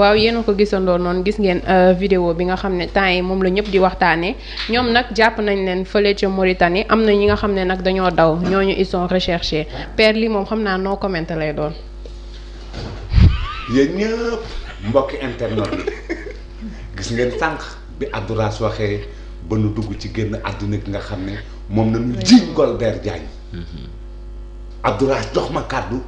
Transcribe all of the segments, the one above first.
waaw yéen a ko gisandoo noonu gis ngeen euh, video bi nga xam ne temps yi moom la ñëpp di waxtaanee ñoom nag jàpp nañ leen fële ca Mauritanie am na ñi nga xam ne nag dañoo daw ñoo ñu sont recherchés per lii moom xam naa noo commenté lay doon. yéen ñëpp mbokki internet bi gis ngeen sànq bi Abdoulaye waxee ba nu dugg ci génn àdduna ki nga xam ne moom nañu jiñ Golbert Diagne mm-hmm. Abdoulaye jox ma kàddu.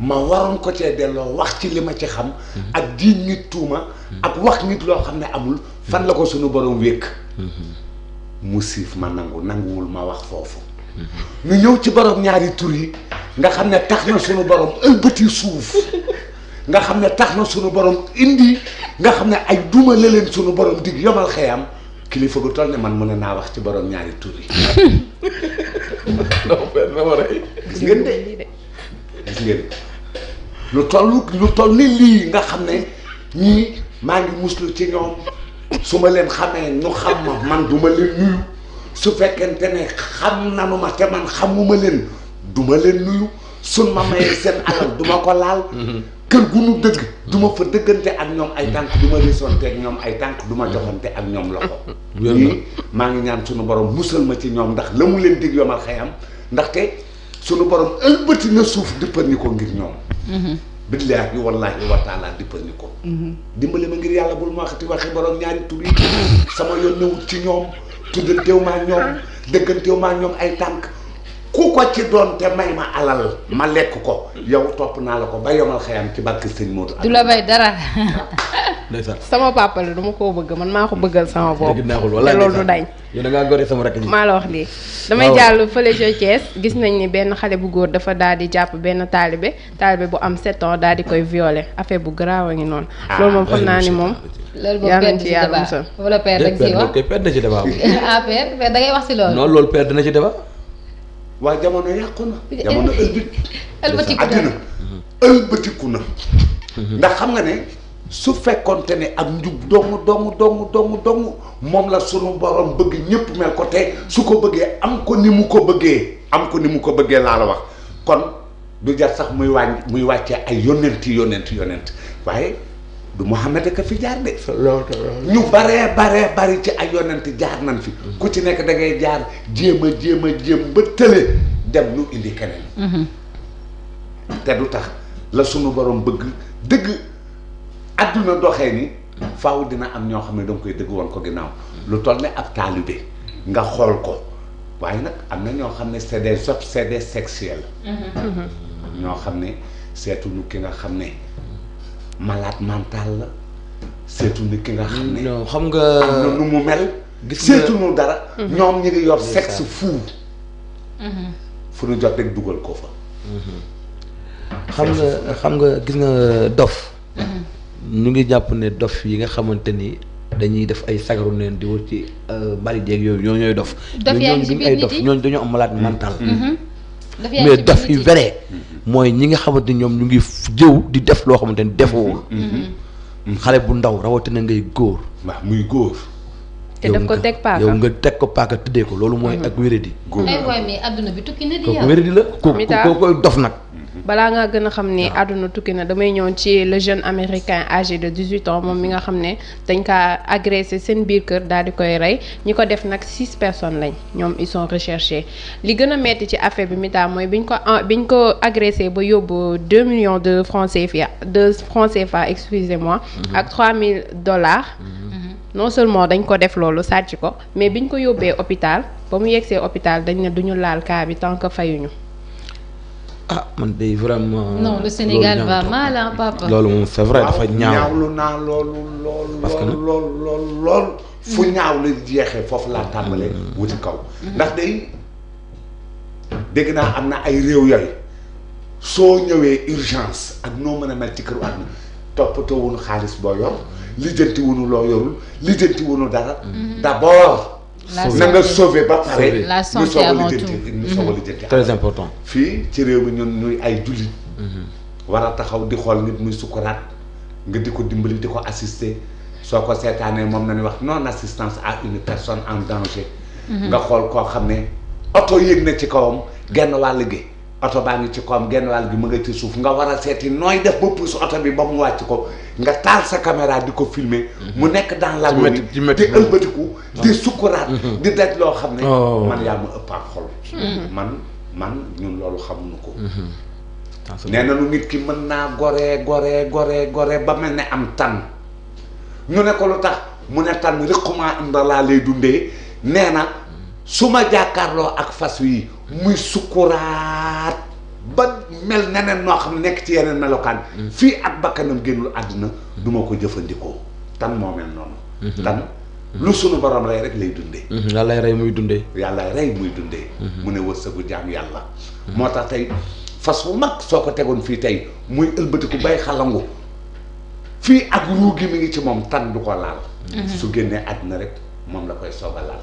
ma waroon ko cee delloo wax ci li ma ci xam ak jiiñ nit tuuma ak wax nit loo xam ne amul fan la ko suñu borom wékk mu siif ma nangu nanguwul ma wax foofu ñu ñëw ci borom ñaari tur yi nga xam ne tax na suñu borom ëlbati suuf nga xam ne tax na sunu borom indi nga xam ne ay duma la leen suñu borom dig yomal xeyam kilifa gu toll ne man mën naa wax ci borom ñaari tur yi. non benn ngeen de. lu toll lu toll ni lii nga xam ne ñii maa ngi muslu ci ñoom su ma leen xamee ñu xam ma man duma leen nuyu su fekkente ne xam nanu ma te man xamuma leen duma leen nuyu sun ma mayee seen alal duma ko laal kër gu nu dëgg duma fa dëggante ak ñoom ay tànk duma risonte ak ñoom ay tànk duma joxante ak ñoom loxo ñii maa ngi ñaan sunu borom musal ma ci ñoom ndax la mu leen dig yomal xëyam ndaxte sunu borom ëlbati na suuf dëppani ko ngir ñoom. Mhm. billaahi wallaahi wa taala dëppani ko. Mhm. dimbali ma ngir yàlla bul ma waxati waxi borom ñaari tur yi sama yoon newut ci ñoom tuddanteew maa ñoom dëgganteew maa ñoom ay tànk. ku ko ci doon te may ma alal ma lekk ko yow topp naa la ko ba yomal xayam ci barke sëñ moo du la may dara. ndeysaan sama papa la dama koo bëgg man maa ko bëggal sama bopp. dëgg neexul wala loolu du dañ. yow da maa la wax lii. Ah, damay jàll fële ca gis nañ ni benn xale bu góor dafa daal di jàpp benn taalibe taalibe bu am 7 ans daal di koy violé affaire bu garaaw a ngi noonu. Ah, loolu moom xam naa ni moom. loolu boobu perte ci débat wala perte da nga ciy wax ci da ngay wax si loolu. non loolu perte na ci débat. waaye jamono yàqu na. jamono ëlbatiku na ëlbatiku na. Mm-hmm. Mm-hmm. ndax xam nga ne su fekkonte ne ak njub dong dong dong dong dong moom la sunu borom bëgg ñëpp mel ko te su ko bëggee am ko ni mu ko bëggee am ko ni mu ko bëggee laa la wax kon du jar sax muy wàññi muy wàccee ay yonenti yonent yonent waaye du moo xam Muhammad ka fi jaar de ñu baree baree bari ci ay yonent jaar nañ fi ku ci nekk da ngay jaar jéem a jéem a jéem ba tële dem lu indi keneen mm-hmm. te du tax la sunu borom bëgg dëgg adduna doxe ni faaw dina am ñoo xam ne danga koy dëgg woon ko ginnaaw lu toll ne ab taalibe nga xool ko waaye nag am na ñoo xam ne c'est des obsédés sexuels mm-hmm. ñoo xam ne seetuñu ki nga xam ne malade mental la seetuñu ki nga xam ne xam nga am na nu mu mel seetuñu dara mm-hmm. ñoom ñi ngi yor sexe fou mm-hmm. fu ñu jot rek dugal ko fa xam nga xam nga gis nga dof ñu ngi jàpp ne dof yi nga xamante ni dañuy def ay sagaru neen di wër ci euh, bari jeeg yooyu ñoo ñooy dof. dof mm-hmm. Mm-hmm. yaa ngi ci biir dañoo am malade mental. mais dof yu vrai mm-hmm. mooy ñi nga xamante ni ñoom ñu ngi jëw di def loo xamante ni defowul xale bu ndaw na ngay góor. waaw muy góor. te daf ko teg paaka yow nga teg ko paaka tëddee ko loolu mooy mm-hmm. ak wéradi. góor ay eh, waay adduna bi tukki na di yow koo koy dof nag. Mm-hmm. balaa ngaa gën a xam ni àdduna tukki na damay ñëw ci le jeune américain âgé de 18 ans moom mi nga xam ne dañ ko agressé seen biir kër daal di koy rey ñi ko def nag six personnes lañ ñoom ils sont recherchés li gën a metti ci affaire bi mitaa mooy biñ ko biñ ko agressé ba yóbbu 2 millions de francs fia de francs CFA excusez-moi mm-hmm. ak 3000 dollars. Mm non seulement dañ ko def loolu sàcc ko mais bi ñu ko yóbbee hôpital ba mu yegsee hôpital dañ ne duñu laal cas bi tant que fayuñu. ah man de vraiment. non le Sénégal va mal loolu moom c'est vrai dafa ñaaw lu naaw loolu loolu. parce que loolu loolu loolu. fu mm. ñaaw la jeexee foofu laa tàmbalee. Mm. wuti kaw mm-hmm. ndax day dégg naa am na ay réew yooyu soo ñëwee urgence ak noo mën a mel ci këru àdduna toppatoo wuñu xaalis boo yor. lijjanti wunu loo yorul lijjanti wunu dara mm-hmm. d'abord na nga sauver ba pare la santé avant tout ñu soog a mm-hmm. lijjanti très fii ci réew mi ñun ñuy ay jullit mm-hmm. war a taxaw di xool nit muy sukkuraat nga di ko dimbali di ko assister soo ko seetaanee moom nañu wax noon assistance à une personne en danger nga xool koo xam ne oto yëg na ci kawam genn wàll gi oto baa ngi ci koom genn wàll bi ma nga ci suuf nga war a seeti nooy def ba pousse oto bi ba mu wàcc ko nga taal sa caméra di ko filmer mhm. mu nekk dans l'agonie ah. di ëlbatiku di sukkuraat mhm. di daj loo xam ne oh. man yaa ma ëpp am xol mhm. man man ñun loolu xamuñu ko nee na lu nit ki mën naa gore goree goree gore ba mel ne am tan ñu ne ko lu tax mu ne tan riqumaa inda laa lay dundee nee na su ma jàkkaarloo ak fas wi muy sukkuraat ba mel neneen noo xam nekk ci yeneen melokaan mm-hmm. fii ak bakkanam génnul àdduna duma ko jëfandikoo tan moo mel noonu mm-hmm. tan mm-hmm. lu sunu borom rey rek lay dundee yàllaay rey muy dundee yàlla rey muy dundee mu ne wërsëgu jaam yàlla moo tax tey fas wu mag soo ko tegoon fii tey muy ëlbatiku bay xalangu fii ak ruu gi mi ngi ci moom tan du ko laal su génnee àdduna rek moom la koy soog laal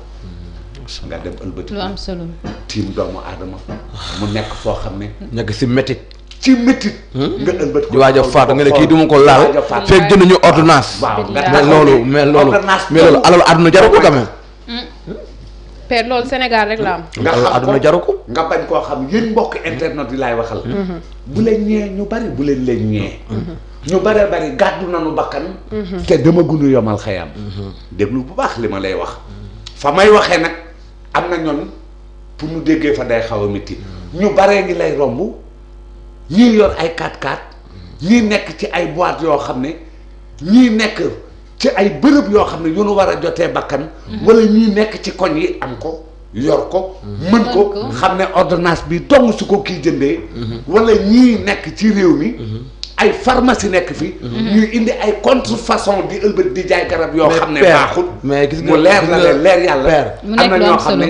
nga dem ëlbati lu am solo tiim doomu aadama mu nekk foo xam ne nekk si métit ci métit hmm? nga ëlbati di waaj a faatu nga ne kii du ma ko laal fekk jënduñu ordonnance waaw mais loolu mais loolu mais loolu alalu àdduna jaru ko quand même hmm. père loolu nga ko nga bañ koo xam yéen mbokk internet yi laay waxal hmm. bu leen ñee ñu bari bu leen leen ñee ñu bare bari gàddu nañu bakkan te dama gunu yomal xëyam déglu bu baax li ma lay wax fa may waxee nag am na ñoon pour ñu déggee fa day xaw a métti ñu baree ngi lay romb ñii yor ay 4 x ñii nekk ci ay boîte yoo xam ne ñii nekk ci ay bërëb yoo xam ne yu nu war a jotee bakkan mm-hmm. wala ñii nekk ci koñ yi am ko yor ko mm-hmm. mën ko xam ne ordinance bi dong su ko kii jëndee mm-hmm. wala ñii nekk ci réew mi ay pharmacie nekk fi mhm. ñuy indi ay contrefaçon di ëlbët di jaay garab yoo xam ne baaxul mais gis nga mu leer na leen leer yàlla am na ñoo xam ne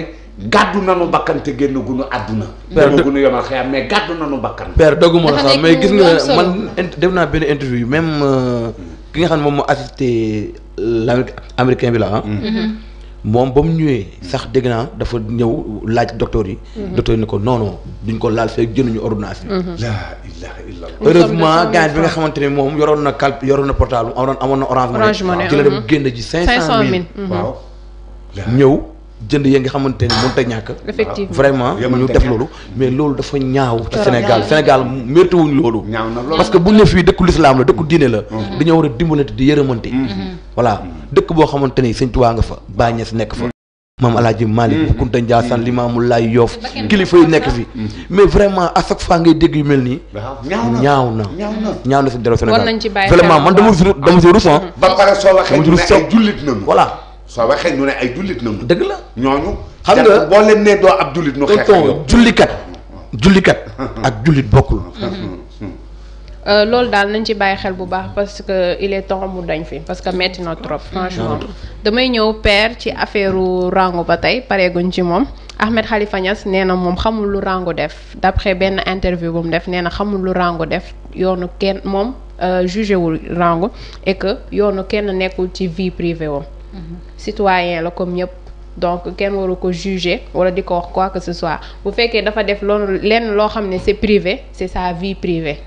gàddu nanu bakkan te génn gunu àdduna génn gunu yomal xëyam mais gàddu nanu bakkan père dogguma la sax mais gis nga man def naa benn interview même euh, ki nga xam ne moom moo assisté euh, l'américain bi la ah mhm. moom ba mu ñëwee sax dégg naa dafa ñëw laaj docteur yi. Mhm. docteur yi ne ko non non duñ ko laal fekk jënduñu ordonnance bi. Mhm. laa ilaaha illallaah. heureusement gars bi nga xamante ne moom yoroon na calp yoroon na portable amoon na orange money. orange money ci la dem mhm. génn ji. 500000 waaw ñëw. jënd ya nga xamante ni mënut a ñàkk. effectivement vraiment ñu def loolu. mais loolu dafa ñaaw ci Sénégal Sénégal mérité wuñ loolu. parce que buñ ne fii dëkku lislaam la dëkku diine la. Mm-hmm. dañoo war a dimbalante di yërëmante. Mm-hmm. voilà dëkk boo xamante ni Sëñ Tuubaa nga fa Baay nekk fa. Mm-hmm. maam alaaji Malick Kunta Ndiassane Limaamu Laay Yoof kilifa nekk fi mais vraiment à chaque ngay dégg yu mel nii ñaaw na ñaaw na si delloo Sénégal vraiment man dama si dama si ah. rus jullit soo waxee ñu ne ay jullit nañu. dëgg la ñooñu. xam nga boo leen nee ab jullit ñu xeex jullikat jullikat jullit bokkul. Euh, loolu daal nañ ci bàyyi xel bu baax parce que il est temps mu dañ fi parce que metti na trop franchement damay ñëw père ci affaire rango ba tey pareeguñ ci moom Ahmed xalifa ñas nee na moom xamul lu rango def d'après benn interview bu mu def nee na xamul lu rango def yoonu kenn moom euh, jugé wul rango et que yoonu kenn nekkul ci vie privée citoyen la comme ñëpp donc kenn waru ko juger wala di ko wax quoi que ce soit bu fekkee dafa def loolu lenn loo xam ne c'est privé c'est sa vie privée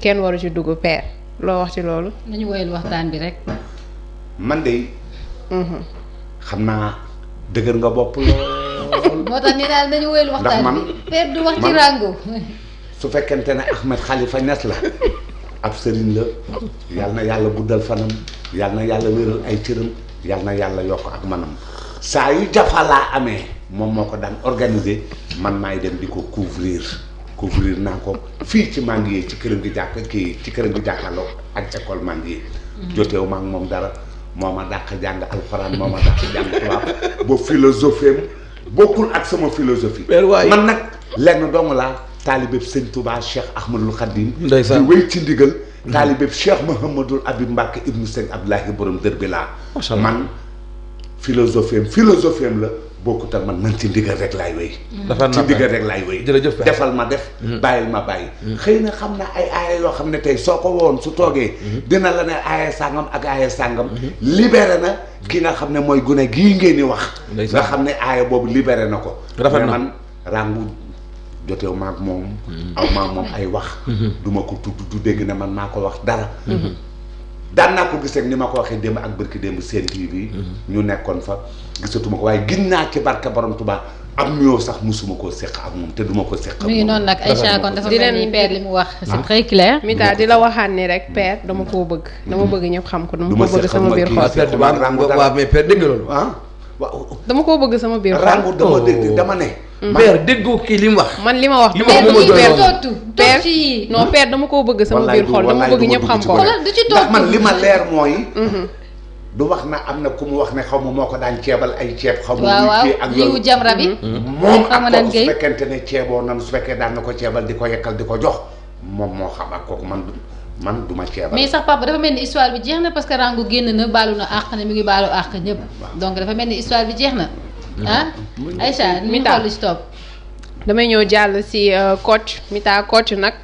kenn waru ci dugg père loo wax ci loolu. nañu woyal waxtaan bi rek. man de. Mhm. xam naa dëgër nga bopp lool. moo tax ni daal nañu woyal waxtaan bi ndax du wax ci rango. su fekkente ne Ahmed Khalifa Niass la. ab sëriñ la yal na yàlla guddal fanam yal na yàlla wéral ay cëram. yal na yàlla yokk ak manam saa yu jafalaa amee moom moo ko daan organiser man maay dem di ko couvrir couvrir naa ko fii ci yi ci këram gi jàkk kii ci këram gi jàkkaarloo ak école Manguier mm-hmm. joteewu ma ak moom dara moo ma dàq jàng alxuraan moo ma dàq jàng tubaab ba philosophie bokkul ak sama philosophie man nag lenn dong laa taalibe Sëñ Tuubaa Cheikh Ahmadul Xadim di wéy ci ndigal taalibe Cheikh Mouhamadul Habib Mbacke ibnu Sëñ Abdoulahi borom dër bi laa. macha allah man philosophie am la bokkut ak man man ci ndigal rek laay wéy. defal ci rek laay wéy. jërëjëf defal ma def. Mm. bàyyil ma bàyyi. Mm. xëy na xam na ay aaya yoo xam ne tey soo ko woon su toogee. Mm-hmm. dina la ne aaya sàngam ak aaya sàngam. Mm-hmm. libéré na ki nga xam ne mooy gune gii ngeen di wax. nga xam ne aaya boobu libéré na ko. rafet na man rangu. jotew maag moom aw maag moom ay wax mhm. du ma ko tudd du dégg na man maa ko wax dara mhm. daan naa ko gis ni ma ko waxee démb ak bërki démb seen TV mhm. ñu nekkoon fa gisatuma ko waaye gis naa ci barke borom Tuubaa am ñoo sax musuma koo seq ak moom te duma ko seq ak moom noonu nag Aïcha kon dafa mel yi père li mu wax c'est ah. très clair Mita di la waxaan ni rek mm-hmm. père dama koo bëgg dama mm-hmm. bëgg ñëpp xam ko dama ko bëgg sama biir xool ah, waaw mais père dégg nga loolu ah. waaw dama koo bëgg sama biir. rangu dama dégg oh. dama ne. Mm-hmm. père déggoo kii li mu wax. man li ma wax li ma wax moom père tootu père non père koo bëgg sama biir xol dama bëgg ñëpp xam ko. du ci tootu man li ma leer mooy. Mm-hmm. du wax na am na ku mu wax ne xaw ma moo ko daan ceebal ay ceeb. xaw ma ak yow jamra bi mm-hmm. moom ak su fekkente ne ceeboo nan su fekkee daan na ko ceebal di ko yekkal di ko jox. moom moo xam ak kooku man man du ma ceebal. mais sax papa dafa mel ni histoire bi jeex na parce que Rangou génn na baalu na àq ne mi ngi baalu àq ñëpp. donc dafa mel ni histoire bi jeex na. Mm-hmm. ah mm-hmm. Aïcha mi ngi toll si topp. damay ñëw jàll si euh, coach Mita coach nag.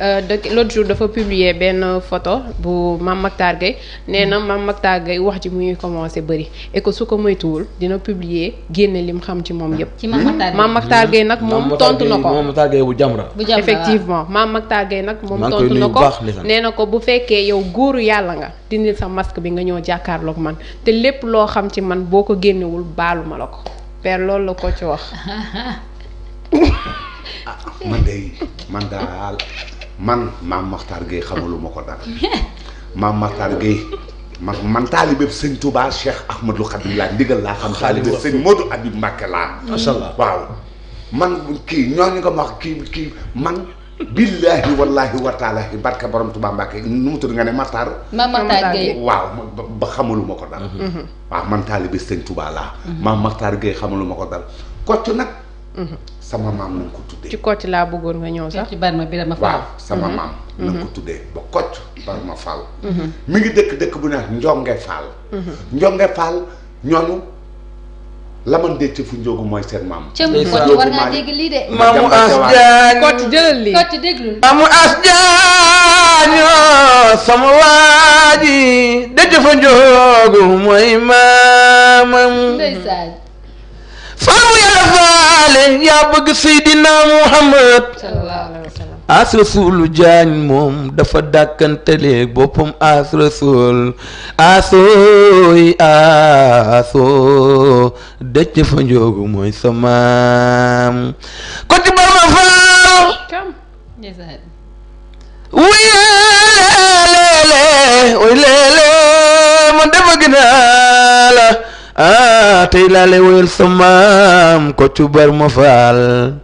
Euh, dëkk l'autre jour dafa publier benn photo bu Mame Mactar Gueye nee na Mame Mactar Gueye wax ji mu ngi commencé bari et su ko moytuwul dina publier génne lim xam ci moom yëpp. ci Mame Mactar Gueye nag moom tontu na ko Mame Mactar Gueye bu Jamra effectivement Mame Mactar Gueye nag moom tontu na nee na ko bu fekkee yow góoru yàlla nga dindil sa masque bi nga ñëw jàkkaarloog man te lépp loo xam ci man boo ko génnewul baalu ma la ko père loolu la ko ci wax. Ah, man maam Makhtar Gueye xamaluma ko dara maam Makhtar Gueye man man taalibe sëñ Touba Cheikh Ahmadou Khadim laa ndigal laa xam taalibe sëñ Modou Habib Mbacké laa macha allah waaw man kii ñooñu nga ma wax kii kii man billaahi wallaahi wa taalaahi barke borom Touba Mbacké nu mu tudd nga ne Makhtar waaw ba xamaluma ko dara mhm. waaw man taalibe sëñ Touba laa mhm. maam Makhtar Gueye xamaluma ko dara kocc nag mhm. sama maam na nga ko tuddee. ci Kocc laa bëggoon nga ñëw sax. ci Barma Birama Fall waaw sama mhm. maam. na nga ko mhm. tuddee ba Kocc Barma Fall. Mhm. mi ngi dëkk dëkk bu neex Njonge Fall. Njonge Fall ñooñu laman de ci fu njóogu mooy seen maamu Asjaañ Kocc sama waa ji fa njóogu mooy maamam. faamu yàlla faale yaa bëgg Seydina Muhammad as rasulu jaañ moom dafa dàkkanteleeg boppam as rasul asooy asoo dëcc fa njoogu mooy sa maam ko ci barma faal wuy leele wuy leele man dafa gënaa la ah tey laa lay woyal sa maam ko cubar ma faal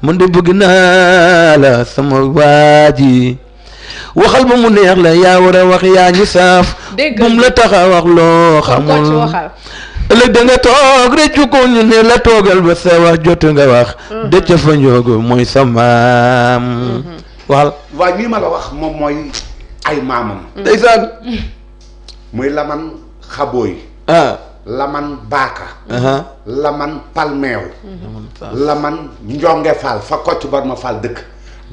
mun de bëgg naa la sama waaji waxal ba mu neex la yaa war a wax yaa ñu saaf bum la tax a wax loo xamul ëllëg da toog rek ko ñu ne la toogal ba sa wax jotu nga wax mm-hmm. dëcc fa njoogu mooy sa maam mm-hmm. waxal waaye mii ma la wax moom mooy ay maamam mm-hmm. ndeysaan muy laman xabooy ah. Laman Baaka. Laman Palmeew. Laman Njonge Fall fa Kocc Barma Fall dëkk.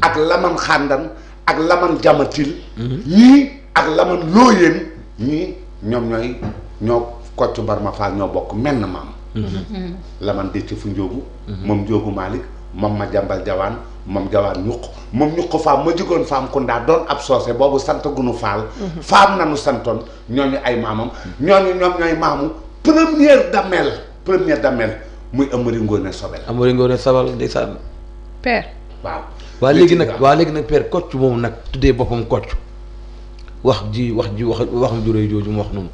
ak Laman Xàndan ak Laman Jamatil. Mhm. ñii ak Laman Looyeen ñii ñoom ñooy ñoo Kocc Barma Fall ñoo bokk menn maam. Mhm. Laman Dëcc fu Njóogu. moom Njóogu Malick moom ma jàmbal jawaan moom jawaan ñuq moom ñuq faam ma jigoon faam kundaa doon ab soose boobu sant gunu faal mhm. faam nanu santoon ñooñu ay maamam ñooñu ñoom ñooy maamu première damel première damel muy Amary Ngoone Sobel. Amary Ngoone Sobel ndeysaan. père. waaw waa léegi nag waa léegi nag per Kocc moom nag tuddee boppam Kocc wax ji wax ji wax waxam juree jooju mu wax noonu.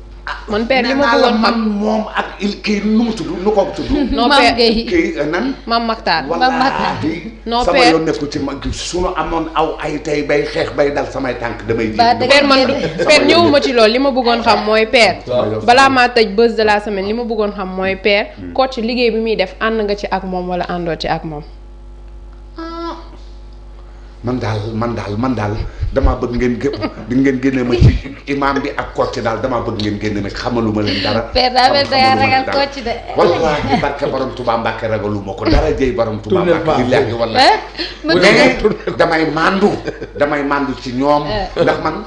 man père li ma bëggoon xam moom ak kii nu mu tudd nu ko tudd. non euh, nan. maam Maktar maam Maktar non père sama yoon nekkul ci mag amoon aw ay tey bay xeex bay dal samay tànk damay. ba père man père ñëwuma ci lool li ma bëggoon xam mooy per balaa maa tëj bés de la semaine li ma bëggoon xam mooy père. Hmm. coach liggéey bi muy def ànd nga ci ak moom wala àndoo ci ak moom. man daal man daal man daal damaa bëgg ngeen gë di ngeen génne ma ci imaam bi ak kocc daal damaa bëgg ngeen génne ma xamaluma leen dara. xamaluma leen dara wallaahi barke borom Tuubaa Mbàkke ragaluma ko dara jëy borom Tuubaa Mbàkke lillaahi wallaahi mais damay mandu damay mandu ci ñoom euh. ndax man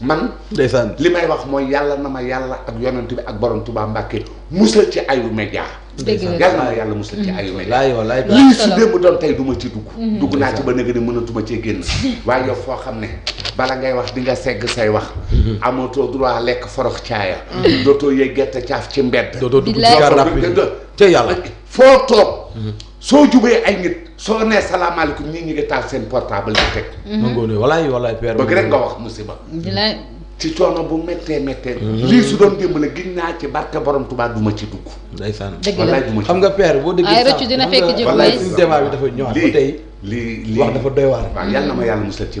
man. ndeysaan li may wax mooy yàlla na ma yàlla ak yonent bi ak borom tubaab Mbàkke musla ci ayu média. ndeysaan yàlla na ma yàlla musla ci ayu média. wallaay wallaay lii su démb doon tey du ma ci dugg. Mm-hmm. dugg naa ci ba nëgë ni mënatuma cee génn. waaye yow foo xam ne bala ngay wax di nga segg say wax. Mm-hmm. amatoo droit lekk forox caaya. Mm-hmm. dootoo yëy gerte caaf ci mbedd. dootoo dugg ci gaar rapide dootoo dugg yàlla foo toog. soo jubee ay nit soo nee salaamaaleykum ñii ñu ngi taal seen portable di teg. Mm-hmm. nangoo ne walaay walaay père. bëgg rek nga wax musiba. ci coono bu méttee méttee. Mm-hmm. lii su doon la gis naa ci barke borom Tuubaa du ma ci dugg. day walaay du ma ci xam nga père boo déggee. ay rëccu dina fekk jëm walaay suñu débat bi dafa ñëwaat ba tey. lii lii wax dafa doy waar. waaw yàlla na ma yàlla musal ci